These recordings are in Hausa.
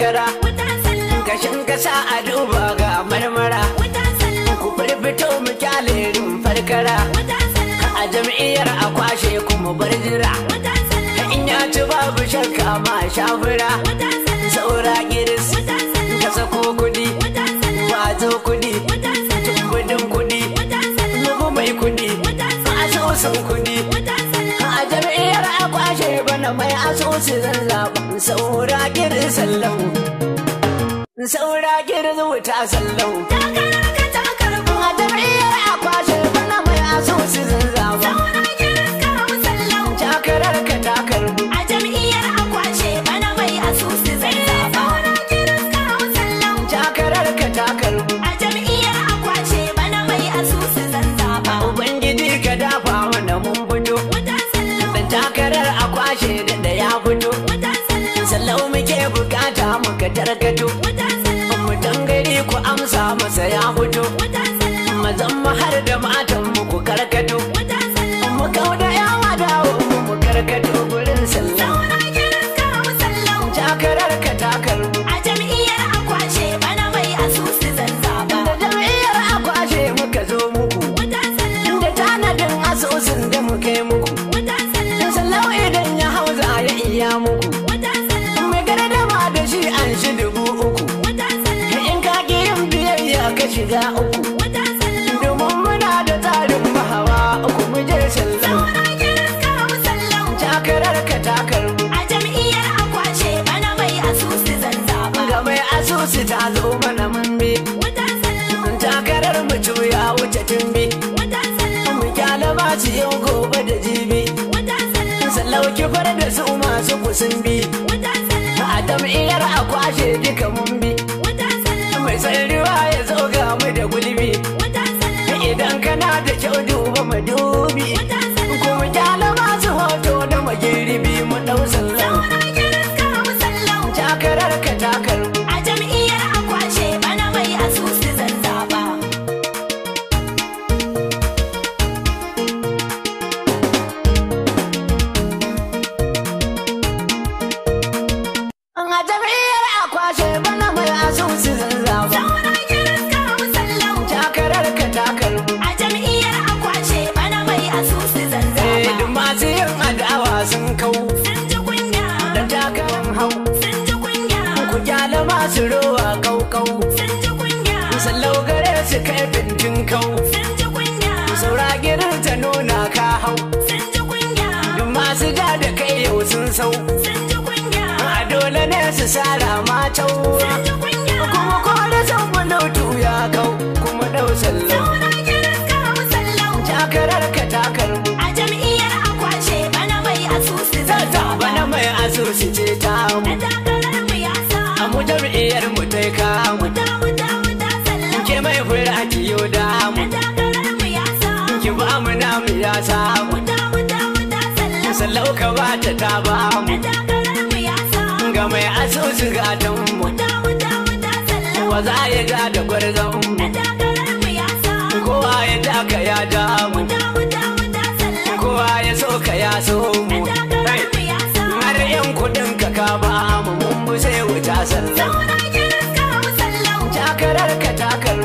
karkara kashin kasa a duba ga marmara ku firfito mu kyalerin farkara a jam'iyyar a kwashe kuma bar jira in ya ci babu shakka ma shafura saura giris ka sako kudi wato kudi tumbudin kudi nufu mai kudi a sausan kudi da mai asusu zan saura girin sallau saura girin wuta sallau ka takar kuma jam'iyyar akwashin bana mai asusu da muka targata an shi dubu uku in ka ki yin biyayya ka shiga uku domin muna da tarin mahawa uku mu je sallan takarar ka takar a jam'iyyar akwace bana mai asusu zan zaba ga mai asusu ta zo mana mun bi takarar mu juya wuce tun bi mu kyalaba ci yau gobe da jibi sallau ki fara da su masu kusun a jam'iyyar a kwashe duka mun bi mai tsariwa ya zo ga mu da gulbi hau ku kyale masu rowa kaukau sun ji kunya sallau gare su kai bintin kau saura gidan ta nuna ka hau sun duk masu ga da kai yau sun sau sun a dole ne su sara ma tau ta ta ba mu ga mai asusu gatan mu wa za ya ga da gwarzon mu kowa ya daka ya damu kowa ya so ka ya so mu har yan kudin ka ka ba mu mun sai wuta sallan takarar ka takar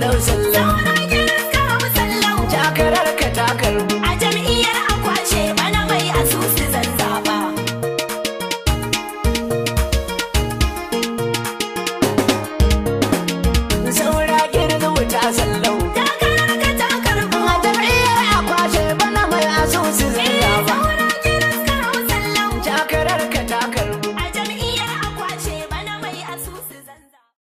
those alone.